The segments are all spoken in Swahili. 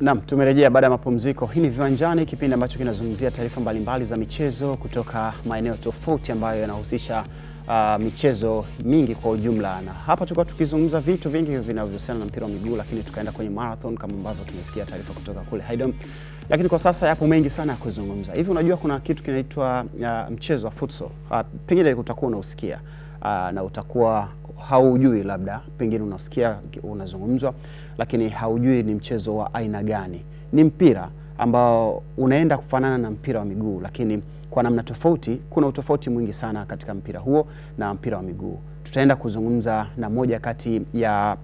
Naam, tumerejea baada ya mapumziko. Hii ni Viwanjani, kipindi ambacho kinazungumzia taarifa mbalimbali za michezo kutoka maeneo tofauti ambayo yanahusisha uh, michezo mingi kwa ujumla, na hapa tulikuwa tukizungumza vitu vingi vinavyohusiana na mpira wa miguu, lakini tukaenda kwenye marathon kama ambavyo tumesikia taarifa kutoka kule Haydom, lakini kwa sasa yapo mengi sana ya kuzungumza. Hivi unajua kuna kitu kinaitwa uh, mchezo wa futsal uh, pengine utakuwa unausikia uh, na utakuwa haujui, labda pengine unasikia unazungumzwa, lakini haujui ni mchezo wa aina gani. Ni mpira ambao unaenda kufanana na mpira wa miguu, lakini kwa namna tofauti. Kuna utofauti mwingi sana katika mpira huo na mpira wa miguu. Tutaenda kuzungumza na moja kati ya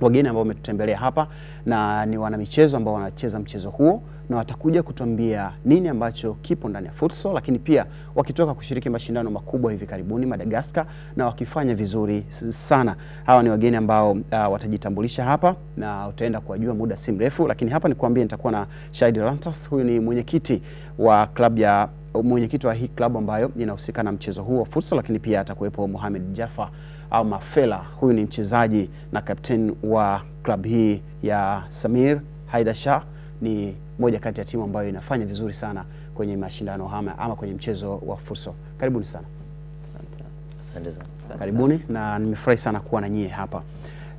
wageni ambao wametutembelea hapa na ni wanamichezo ambao wanacheza mchezo huo na watakuja kutuambia nini ambacho kipo ndani ya futsal, lakini pia wakitoka kushiriki mashindano makubwa hivi karibuni Madagascar, na wakifanya vizuri sana. Hawa ni wageni ambao uh, watajitambulisha hapa na utaenda kuwajua muda si mrefu, lakini hapa nikuambie, nitakuwa na Shahid Rantas. Huyu ni mwenyekiti wa klabu ya mwenyekiti wa hii klabu ambayo inahusika na mchezo huu wa futsal, lakini pia atakuwepo Mohamed Jaffa au Mafela. Huyu ni mchezaji na kapteni wa klabu hii ya Samir Haida Shah, ni moja kati ya timu ambayo inafanya vizuri sana kwenye mashindano hama ama kwenye mchezo wa futsal. Karibuni sana. Asante sana. Karibuni na nimefurahi sana kuwa na nyie hapa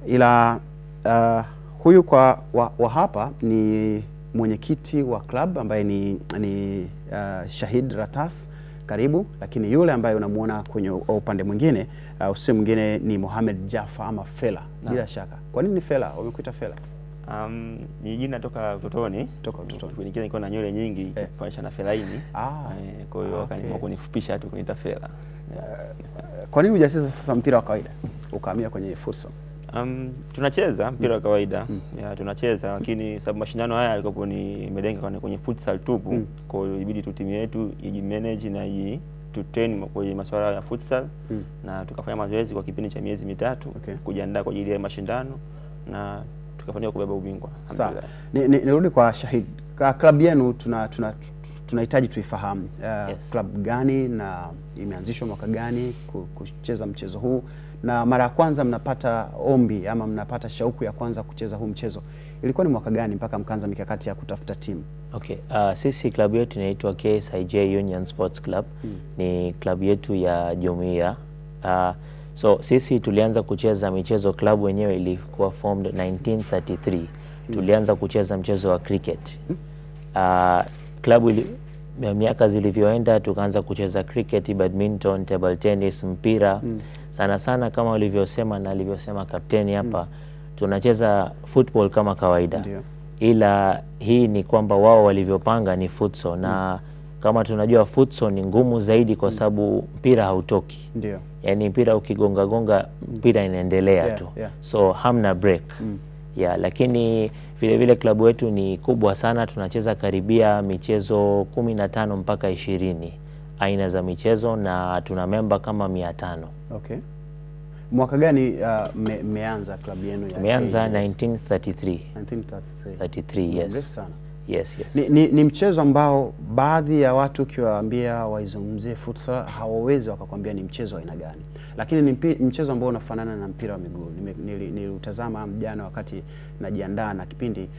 ila uh, huyu kwa wa, wa hapa ni mwenyekiti wa club ambaye ni, ni uh, Shahid Ratas karibu, lakini yule ambaye unamwona kwenye upande mwingine uh, usi mwingine ni Mohamed Jaffa ama Fela na. Bila shaka, kwa nini Fela wamekuita Fela? Um, ni jina toka utotoni, toka utotoni nikiwa niko na nywele nyingi eh, kufananisha na Felaini. Ah, eh, kwa hiyo okay, akaniamua kunifupisha tu kuniita Fela. Yeah. Uh, kwa nini hujacheza sasa mpira wa kawaida ukahamia kwenye futsal? Um, tunacheza mpira wa mm. kawaida mm. ya, tunacheza lakini sababu mashindano haya yalikuwa ni imelenga kwenye futsal tupu mm. kwa hiyo ibidi tu timu yetu ijimanage na i tu train kwenye masuala ya futsal mm. na tukafanya mazoezi kwa kipindi cha miezi mitatu okay. kujiandaa kwa ajili ya mashindano na tukafanya kubeba ubingwa. Sawa, Ni, ni, ni kwa Shahid, klabu yenu tuna, tuna tunahitaji tuifahamu uh, yes. Klabu gani na imeanzishwa mwaka gani kucheza mchezo huu, na mara ya kwanza mnapata ombi ama mnapata shauku ya kwanza kucheza huu mchezo ilikuwa ni mwaka gani mpaka mkaanza mikakati ya kutafuta timu? Okay. Uh, sisi klabu yetu inaitwa KSIJ Union Sports Club hmm. Ni klabu yetu ya jumuiya uh, so sisi tulianza kucheza michezo, klabu yenyewe ilikuwa formed 1933 hmm. Tulianza kucheza mchezo wa cricket hmm. uh, klabu miaka zilivyoenda tukaanza kucheza cricket, badminton, table tennis, mpira mm. sana sana kama ulivyosema na alivyosema kapteni mm. hapa mm. tunacheza football kama kawaida Ndiyo. ila hii ni kwamba wao walivyopanga ni futsal mm. na kama tunajua futsal ni ngumu zaidi kwa mm. sababu mpira hautoki Ndiyo. yani mpira ukigongagonga mpira inaendelea yeah, tu yeah. so hamna break mm. yeah, lakini vile vile klabu yetu ni kubwa sana, tunacheza karibia michezo kumi na tano mpaka ishirini aina za michezo na tuna memba kama mia tano. Okay. Mwaka gani uh, me, meanza klabu yenu ya? Meanza 1933. 1933. 33, yes. Mrefu sana. Yes, yes. Ni, ni, ni mchezo ambao baadhi ya watu ukiwaambia waizungumzie futsal hawawezi wakakwambia ni mchezo wa aina gani, lakini ni mchezo ambao unafanana na mpira wa miguu. Niliutazama mjana wakati najiandaa na kipindi. Eh,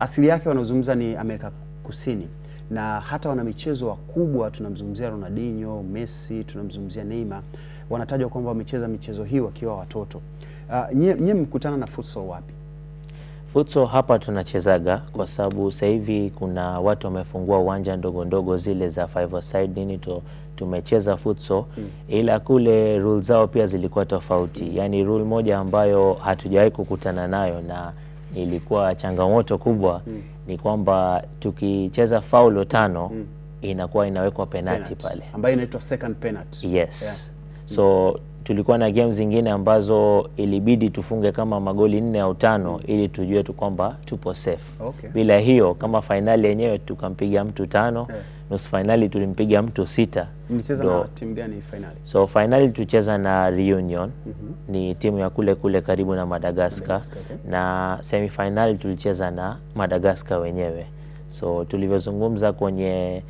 asili yake wanazungumza ni Amerika Kusini na hata wana michezo wakubwa, tunamzungumzia Ronaldinho, Messi, tunamzungumzia Neymar, wanatajwa kwamba wamecheza michezo hii wakiwa watoto. Uh, nyie mkutana na futsal wapi? futso hapa tunachezaga kwa sababu sasa hivi kuna watu wamefungua uwanja ndogo ndogo zile za five side nini to, tumecheza futso mm. Ila kule rule zao pia zilikuwa tofauti mm. Yaani rule moja ambayo hatujawahi kukutana nayo na ilikuwa changamoto kubwa mm. Ni kwamba tukicheza faulo tano mm. Inakuwa inawekwa penati pale ambayo inaitwa second penalty. Yes. Yeah. So mm tulikuwa na games zingine ambazo ilibidi tufunge kama magoli nne au tano ili tujue tu kwamba tupo safe. Okay. Bila hiyo kama fainali yenyewe tukampiga mtu tano, yeah. Nusu fainali tulimpiga mtu sita. Do. na timu gani finali? So fainali tucheza na Reunion mm -hmm. Ni timu ya kule kule karibu na Madagascar, Madagascar okay. Na semifinali tulicheza na Madagascar wenyewe, so tulivyozungumza kwenye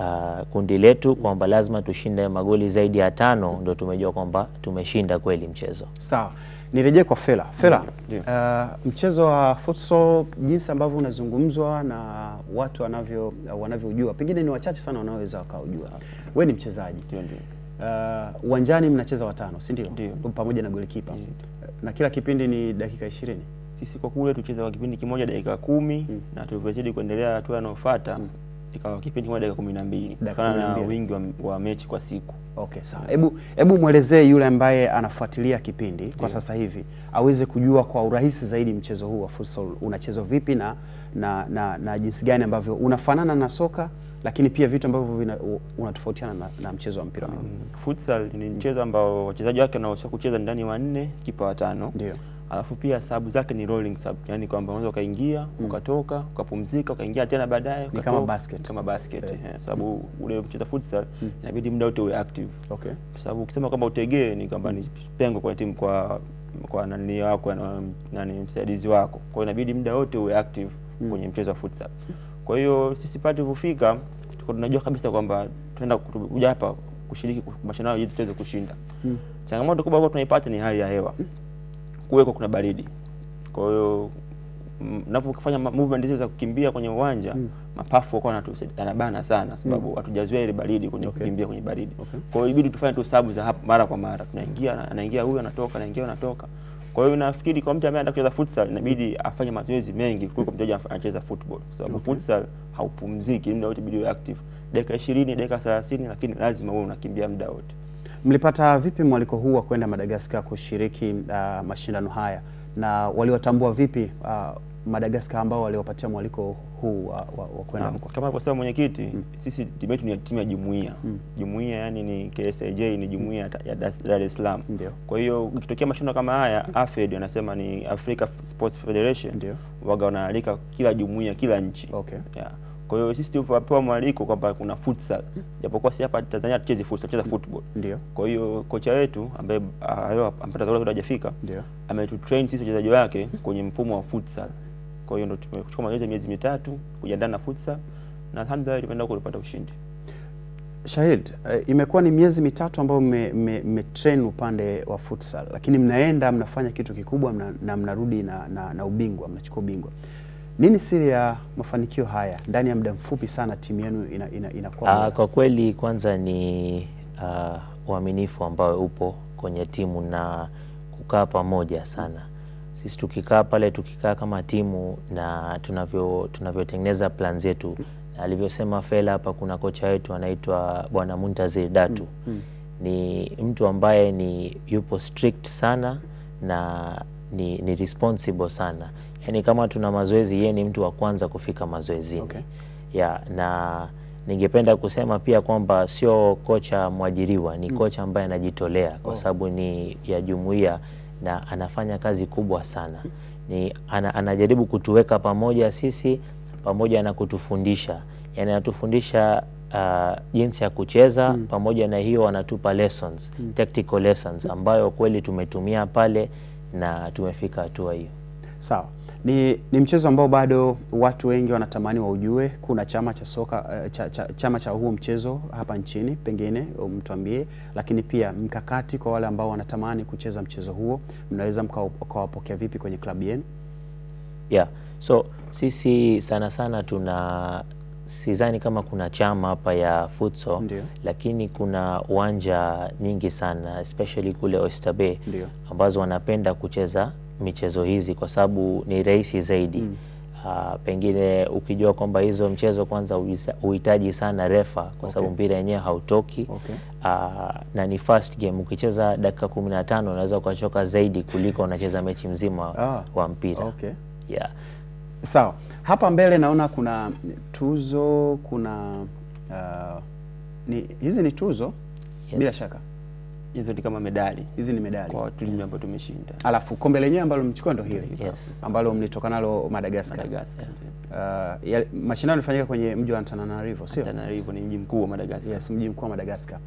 uh, kundi letu kwamba lazima tushinde magoli zaidi ya tano, ndo tumejua kwamba tumeshinda kweli mchezo. Sawa, nirejee kwa Fela. Fela, mm, uh, mchezo wa futsal jinsi ambavyo unazungumzwa na watu wanavyo wanavyojua, pengine ni wachache sana wanaoweza wakaujua. Wewe ni mchezaji uh, uwanjani, uh, mnacheza watano, si ndio? Pamoja na golikipa uh, na kila kipindi ni dakika ishirini. Sisi kwa kule tucheza kwa kipindi kimoja dakika kumi mm. na tulivyozidi kuendelea hatua yanayofuata mm ikawa kipindi kama dakika kumi na mbili kutokana mm. na wingi wa, wa mechi kwa siku. Okay, sawa. Hebu hebu mwelezee yule ambaye anafuatilia kipindi kwa yeah, sasa hivi aweze kujua kwa urahisi zaidi mchezo huu wa futsal unachezwa vipi na, na, na, na jinsi gani ambavyo unafanana na soka lakini pia vitu ambavyo unatofautiana na, na mchezo wa mpira wa miguu. Um, futsal ni mchezo ambao wachezaji wake wanaoshia kucheza ndani wanne, kipa watano. Ndio alafu pia sabu zake ni rolling sub, yani kwamba unaweza ukaingia mm. ukatoka ukapumzika ukaingia tena baadaye ni kama basket, kama basket yeah. yeah. sababu mm. ule mcheza futsal mm. inabidi muda wote uwe active okay. sababu ukisema kwamba utegee ni kwamba mm. ni pengo kwa timu kwa kwa nani wako na nani msaidizi wako, kwa hiyo inabidi muda wote uwe active mm. kwenye mchezo wa futsal. Kwa hiyo sisi pale kufika tuko tunajua kabisa kwamba tunaenda kuja hapa kushiriki mashindano yetu tuweze kushinda. mm. changamoto kubwa kwa tunaipata ni hali ya hewa mm kuwekwa kuna baridi, kwa hiyo mm, napofanya movement hizo za kukimbia kwenye uwanja mm. mapafu yako yanabana sana sababu mm. hatujazoea mm. ile baridi kwenye okay. kukimbia kwenye baridi okay. kwa hiyo ibidi tufanye tu sabu za hapa mara kwa mara, tunaingia anaingia huyu anatoka, anaingia anatoka. Kwa hiyo nafikiri kwa mtu ambaye anataka kucheza futsal inabidi afanye mazoezi mengi kuliko mtu anacheza football kwa sababu okay. futsal haupumziki muda wote, ibidi active dakika 20 dakika 30, lakini lazima uwe unakimbia muda wote. Mlipata vipi mwaliko huu wa kwenda Madagascar kushiriki uh, mashindano haya na waliwatambua vipi uh, Madagascar ambao waliwapatia mwaliko huu wa, wa, wa kwenda huko? Kama alivyosema mwenyekiti mm. Sisi timu yetu ni timu ya jumuiya mm. Jumuiya yani ni KSAJ ni jumuiya mm. ya Dar es Salaam. Kwa hiyo ikitokea mashindano kama haya AFED anasema ni Africa Sports Federation, waga wanaalika kila jumuiya kila nchi okay. yeah. Kwa hiyo sisi tupewa mwaliko kwamba kuna futsal, japokuwa si hapa Tanzania hatuchezi futsal, tunacheza mm. football. Ndio. Kwa hiyo kocha wetu ambaye ayo amepata dharura hajafika, ndio ametutrain sisi wachezaji wake kwenye mfumo wa futsal. Kwa hiyo ndio tumechukua mazoezi miezi mitatu kujiandaa na futsal na alhamdulillah tumeenda kupata ushindi. Shahid, uh, imekuwa ni miezi mitatu ambayo mmetrain upande wa futsal, lakini mnaenda mnafanya kitu kikubwa mna, na mnarudi na, na, na ubingwa mnachukua ubingwa. Nini siri ya mafanikio haya ndani ya muda mfupi sana timu yenu inakuwa ina, ina ah, kwa kweli kwanza ni uh, uaminifu ambao upo kwenye timu na kukaa pamoja sana. Sisi tukikaa pale, tukikaa kama timu na tunavyo tunavyotengeneza plan zetu na alivyosema Fela hapa, kuna kocha wetu anaitwa Bwana Muntazir Datu mm, mm. Ni mtu ambaye ni yupo strict sana na ni, ni responsible sana yani kama tuna mazoezi, yeye ni mtu wa kwanza kufika mazoezini. Okay. ya na ningependa kusema pia kwamba sio kocha mwajiriwa, ni mm. kocha ambaye anajitolea kwa oh. sababu ni ya jumuiya na anafanya kazi kubwa sana. Ni ana, anajaribu kutuweka pamoja sisi pamoja na kutufundisha, yani anatufundisha Uh, jinsi ya kucheza mm. Pamoja na hiyo wanatupa lessons mm. tactical lessons ambayo kweli tumetumia pale na tumefika hatua hiyo. Sawa. Ni, ni mchezo ambao bado watu wengi wanatamani waujue. Kuna chama cha soka eh, cha, cha, chama cha huo mchezo hapa nchini, pengine mtuambie, lakini pia mkakati kwa wale ambao wanatamani kucheza mchezo huo, mnaweza mkawapokea vipi kwenye klabu yenu? Yeah. So sisi sana sana tuna sidhani kama kuna chama hapa ya futso Ndiyo. Lakini kuna uwanja nyingi sana especially kule Oyster Bay ambazo wanapenda kucheza michezo hizi kwa sababu ni rahisi zaidi mm. Uh, pengine ukijua kwamba hizo mchezo kwanza uhitaji sana refa kwa sababu okay. Mpira yenyewe hautoki okay. Uh, na ni fast game, ukicheza dakika kumi na tano unaweza ukachoka zaidi kuliko unacheza mechi mzima ah, wa mpira okay. Yeah. Sawa, hapa mbele naona kuna tuzo, kuna uh, ni, hizi ni tuzo yes. Bila shaka hizo ni kama medali, hizi ni medali kwa timu ambayo tumeshinda. Alafu kombe lenyewe ambalo mlichukua ndo hili yes, ambalo mlitoka nalo Madagascar. Madagascar. Uh, mashindano yalifanyika kwenye mji wa Antananarivo, sio? Antananarivo ni mji mkuu wa Madagascar. Yes, mji mkuu wa Madagascar.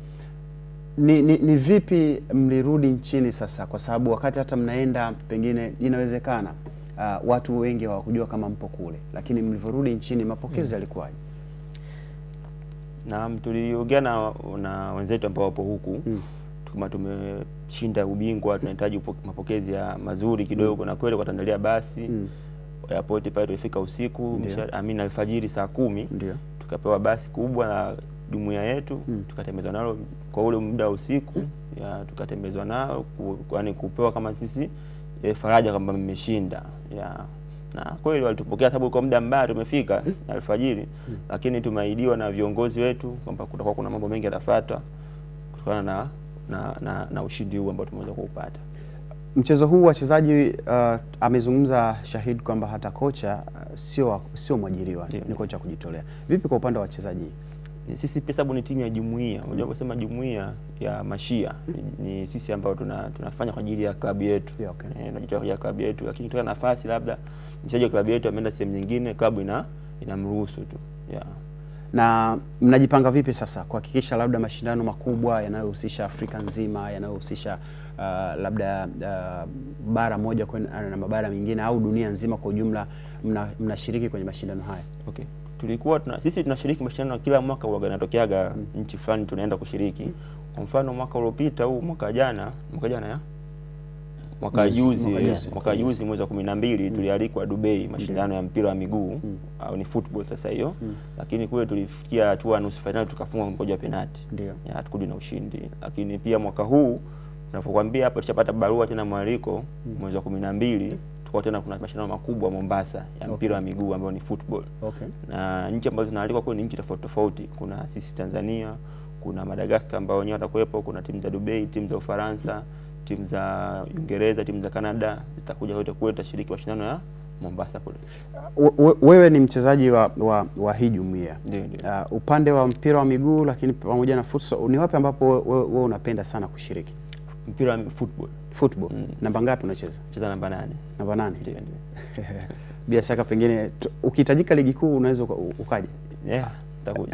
Ni, ni, ni vipi mlirudi nchini sasa, kwa sababu wakati hata mnaenda pengine inawezekana uh, watu wengi hawakujua kama mpo kule, lakini mlivyorudi nchini mapokezi hmm. yalikuwaje? mm. Naam, tuliongea na, na wenzetu ambao wapo huku mm kama tumeshinda ubingwa tunahitaji mapokezi ya mazuri kidogo mm. na kweli kwa kuwatandalia basi mm. airport pale tulifika usiku amini alfajiri saa kumi Ndiyo. tukapewa basi kubwa na jumuiya yetu mm. tukatembezwa nalo kwa ule muda wa usiku mm. ya tukatembezwa nalo yaani ku, kupewa kama sisi e, faraja kwamba mmeshinda ya na kweli walitupokea, sababu kwa muda mbaya tumefika mm. alfajiri mm. lakini tumeahidiwa na viongozi wetu kwamba kutakuwa kuna mambo mengi yatafuata kutokana na na, na, na ushindi huu ambao tumeweza kuupata mchezo huu wachezaji uh, amezungumza Shahid kwamba hata kocha uh, sio sio mwajiriwa yeah. Ni kocha kujitolea. Vipi kwa upande wa wachezaji? Sisi pia sababu ni timu ya jumuiya, unajua mm. kusema jumuiya ya mashia mm. ni, ni sisi ambao tuna, tunafanya kwa ajili ya klabu yetu yeah, okay. E, eh, tunajitoa kwa ya klabu yetu, lakini kutoka nafasi labda mchezaji wa klabu yetu ameenda sehemu nyingine, klabu ina inamruhusu tu yeah na mnajipanga vipi sasa kuhakikisha labda mashindano makubwa yanayohusisha Afrika nzima yanayohusisha uh, labda uh, bara moja uh, na mabara mengine au dunia nzima kwa ujumla mnashiriki mna kwenye mashindano haya? Okay. Tulikuwa tuna, sisi tunashiriki mashindano kila mwaka huwa yanatokeaga mm. nchi fulani tunaenda kushiriki. Kwa mfano mwaka uliopita au mwaka jana, mwaka jana ya mwaka juzi mwaka juzi mwezi wa kumi na mbili mm. tulialikwa Dubai mashindano mm. ya mpira wa miguu mm. au ni football sasa hiyo, lakini kule tulifikia hatua nusu fainali tukafungwa mkojo wa ndio hatukudi na ushindi. Lakini pia mwaka huu tunapokuambia hapa tushapata barua tena mwaliko mwezi wa kumi na mbili tena kuna mashindano makubwa Mombasa ya mpira wa miguu ambayo ni football okay. na nchi ambazo zinaalikwa kule ni nchi tofauti tofauti. Kuna sisi Tanzania, kuna Madagascar ambao wenyewe watakuwepo, kuna timu za Dubai, timu za Ufaransa mm timu za Uingereza, timu za Canada zitakuja wote kule, tutashiriki mashindano ya Mombasa kule. Wewe ni mchezaji wa, wa, wa hii jumuiya uh, upande wa mpira wa miguu lakini pamoja na futsal, ni wapi ambapo wewe unapenda sana kushiriki? Mpira wa football. Football. Mm. Namba ngapi unacheza? Cheza namba nane. Namba nane. Ndio, ndio. Bila shaka pengine ukihitajika ligi kuu unaweza ukaja. Yeah, takuja.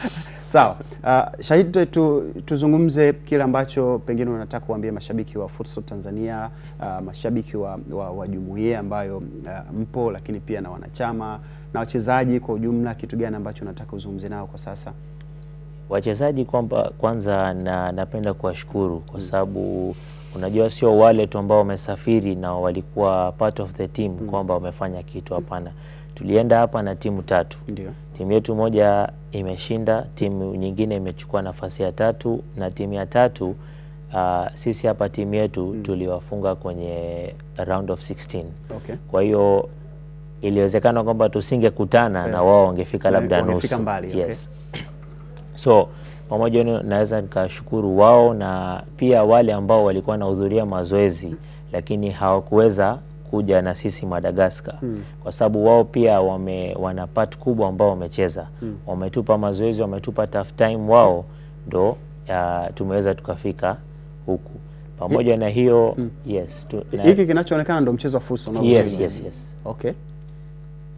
Sawa. Uh, ah, Shahid, tu, tuzungumze kile ambacho pengine unataka kuambia mashabiki wa Futsal Tanzania, uh, mashabiki wa, wa, wa jumuiya ambayo uh, mpo lakini pia na wanachama na wachezaji kwa ujumla, kitu gani ambacho unataka uzungumze nao kwa sasa? Wachezaji kwamba kwanza na, napenda kuwashukuru kwa sababu unajua sio wale tu ambao wamesafiri na walikuwa part of the team mm. kwamba wamefanya kitu, hapana tulienda hapa na timu tatu. Ndiyo. Timu yetu moja imeshinda, timu nyingine imechukua nafasi ya tatu, na timu ya tatu uh, sisi hapa timu yetu mm. tuliwafunga kwenye round of 16. Okay. Kwa hiyo iliwezekana kwamba tusingekutana yeah. na eh. wao wangefika eh, labda nusu. Wangefika mbali, yes. Okay. So pamoja naweza nikashukuru wao na pia wale ambao walikuwa wanahudhuria mazoezi mm. lakini hawakuweza kuja na sisi Madagascar mm. kwa sababu wao pia wame, wana part kubwa ambao wamecheza mm. wametupa mazoezi, wametupa tough time wao ndo tumeweza tukafika huku pamoja Hi, na hiyo mm. yes, hiki kinachoonekana ndo mchezo wa fursa na yes, yes, yes. Okay.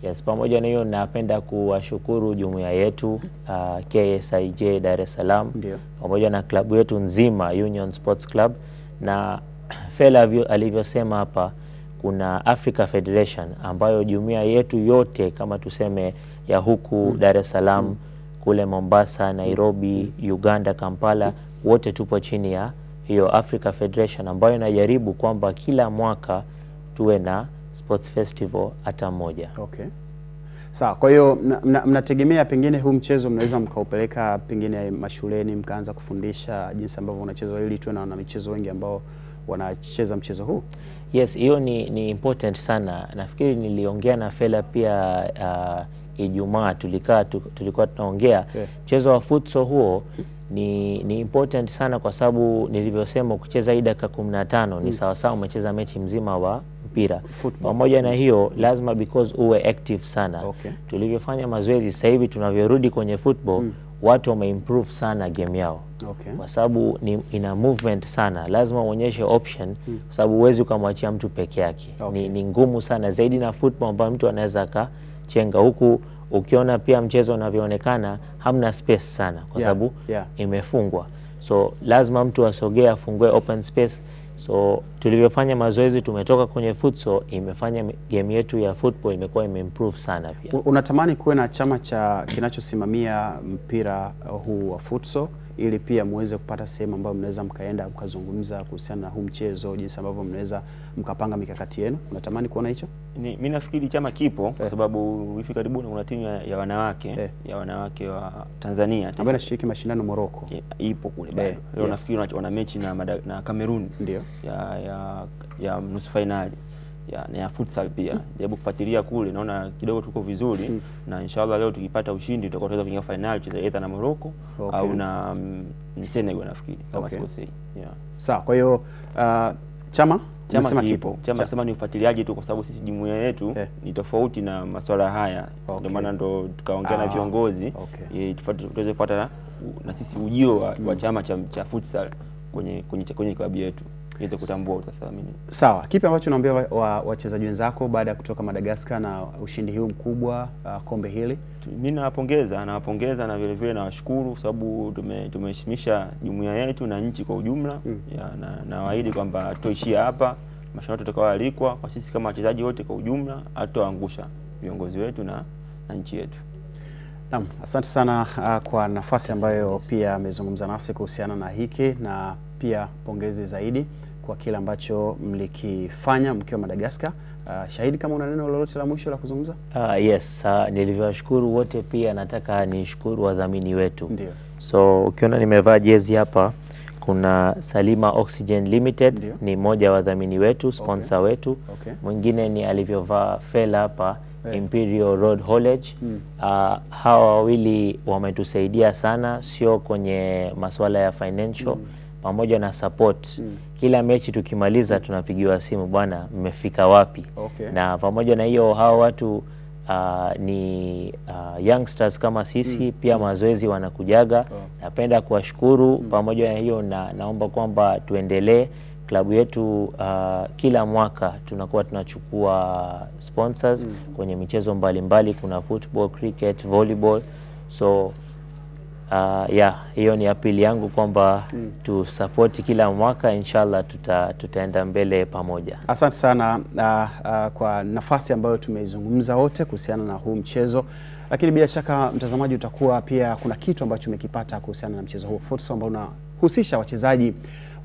Yes, pamoja na hiyo napenda kuwashukuru jumuiya yetu hmm. uh, KSIJ Dar es Salaam pamoja na klabu yetu nzima Union Sports Club na Fela alivyosema hapa kuna Africa Federation ambayo jumuiya yetu yote kama tuseme ya huku mm. Dar es Salaam mm. kule Mombasa, mm. Nairobi, Uganda, Kampala, wote tupo chini ya hiyo Africa Federation ambayo inajaribu kwamba kila mwaka tuwe na sports festival hata moja. Okay. Sawa, kwa hiyo mnategemea mna, pengine huu mchezo mnaweza mkaupeleka pengine mashuleni mkaanza kufundisha jinsi ambavyo unachezwa ili tuwe na wanamichezo wengi ambao wanacheza mchezo huu? Yes, hiyo ni, ni important sana. Nafikiri niliongea na Fela pia uh, Ijumaa tulikaa tulikuwa tunaongea mchezo yeah. wa futso huo ni, ni important sana kwa sababu nilivyosema, ukicheza hii dakika 15 ni mm. sawasawa umecheza mechi mzima wa mpira. Pamoja na hiyo, lazima because uwe active sana. Okay. Tulivyofanya mazoezi sasa hivi tunavyorudi kwenye football mm. Watu wameimprove sana game yao okay. Kwa sababu ni ina movement sana, lazima uonyeshe option mm. Kwa sababu huwezi ukamwachia mtu peke yake okay. Ni, ni ngumu sana zaidi na football ambayo mtu anaweza akachenga huku ukiona pia mchezo unavyoonekana hamna space sana kwa sababu yeah, yeah, imefungwa so lazima mtu asogee afungue open space. So tulivyofanya mazoezi, tumetoka kwenye futsal, imefanya game yetu ya football imekuwa imeimprove sana. Pia unatamani kuwe na chama cha kinachosimamia mpira huu wa futsal ili pia muweze kupata sehemu ambayo mnaweza mkaenda mkazungumza kuhusiana na huu mchezo, jinsi ambavyo mnaweza mkapanga mikakati yenu. Unatamani kuona hicho? Mimi nafikiri chama kipo eh, kwa sababu hivi karibuni kuna timu ya, wanawake eh, ya wanawake wa Tanzania ambayo inashiriki mashindano Morocco, ipo kule eh, bado eh, yes. Nafikiri wana mechi na Kamerun ndio ya, ya, ya nusu fainali ya, ya futsal pia jaribu kufuatilia kule, naona kidogo tuko vizuri mm. na inshallah leo tukipata ushindi tutakuwa tunaweza kuingia fainali kucheza either na Morocco okay. au na mm, Senegal nafikiri kama okay. sikosei. Yeah. Sawa, kwa hiyo uh, chama chama kipo, kipo. Chama sema ni ufuatiliaji tu, kwa sababu sisi jumuiya yetu eh, ni tofauti na masuala haya okay. Ndio maana ndo tukaongea ah. na viongozi okay. tupate tuweze kupata na, na sisi ujio wa, mm. wa hmm. chama cha, cha futsal kwenye, kwenye, kwenye klabu yetu iweze kutambua utathamini. Sawa, kipi ambacho unaambia wachezaji wenzako baada ya kutoka Madagascar na ushindi huu mkubwa uh, kombe hili? Mimi nawapongeza, nawapongeza na vile vile nawashukuru kwa sababu tumeheshimisha jumuiya yetu na nchi kwa ujumla mm. na nawaahidi kwamba tuishia hapa mashindano tutakayoalikwa kwa sisi kama wachezaji wote kwa ujumla, atoangusha viongozi wetu na, na nchi yetu. Naam, asante sana uh, kwa nafasi ambayo pia amezungumza nasi kuhusiana na hiki na pia pongezi zaidi kwa kile ambacho mlikifanya mkiwa Madagascar. Uh, ah, Shahidi, kama una neno lolote la mwisho la kuzungumza? Uh, yes uh, ah, nilivyowashukuru wote, pia nataka nishukuru wadhamini wetu. Ndiyo. So ukiona nimevaa jezi hapa kuna Salima Oxygen Limited. Ndiyo. ni mmoja wa wadhamini wetu sponsor okay. wetu okay. mwingine ni alivyovaa Fela hapa yeah. Imperial Road College hmm. Uh, hawa wawili wametusaidia sana, sio kwenye masuala ya financial hmm pamoja na support mm. Kila mechi tukimaliza mm. tunapigiwa simu, bwana, mmefika wapi? okay. na pamoja na hiyo hawa watu Uh, ni uh, youngsters kama sisi mm. pia mm. mazoezi wanakujaga. oh. Napenda kuwashukuru mm. pamoja na hiyo na, naomba kwamba tuendelee klabu yetu. Uh, kila mwaka tunakuwa tunachukua sponsors mm. kwenye michezo mbalimbali mbali, kuna football, cricket, volleyball so Uh, yeah, hiyo ni apili yangu kwamba mm, tusapoti kila mwaka inshallah, tuta, tutaenda mbele pamoja. Asante sana uh, uh, kwa nafasi ambayo tumeizungumza wote kuhusiana na huu mchezo, lakini bila shaka mtazamaji utakuwa pia kuna kitu ambacho umekipata kuhusiana na mchezo huu, fursa ambao una husisha wachezaji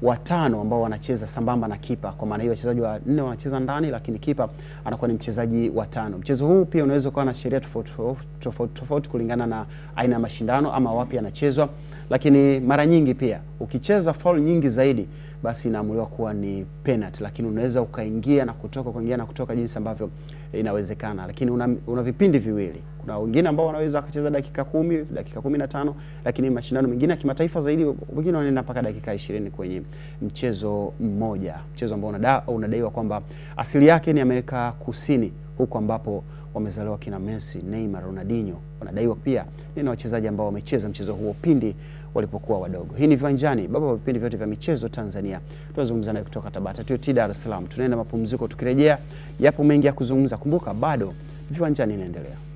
watano ambao wanacheza sambamba na kipa. Kwa maana hiyo wachezaji wanne wanacheza ndani, lakini kipa anakuwa ni mchezaji wa tano. Mchezo huu pia unaweza ukawa na sheria tofauti tofauti kulingana na aina ya mashindano ama wapi anachezwa, lakini mara nyingi pia ukicheza foul nyingi zaidi, basi inaamuliwa kuwa ni penalty, lakini unaweza ukaingia na kutoka, kuingia na kutoka jinsi ambavyo inawezekana, lakini una, una vipindi viwili. Kuna wengine ambao wanaweza wakacheza dakika kumi, dakika kumi na tano, lakini mashindano mengine ya kimataifa zaidi wengine wanaenda mpaka dakika ishirini kwenye mchezo mmoja, mchezo ambao unadaiwa kwamba asili yake ni Amerika Kusini huko ambapo wamezaliwa kina Messi, Neymar, Ronaldinho. Wanadaiwa pia ni wachezaji ambao wamecheza mchezo huo pindi walipokuwa wadogo. Hii ni Viwanjani, baba wa vipindi vyote vya michezo Tanzania. Tunazungumza naye kutoka Tabata TT, Dar es Salaam. Tunaenda mapumziko, tukirejea yapo mengi ya kuzungumza. Kumbuka bado Viwanjani inaendelea.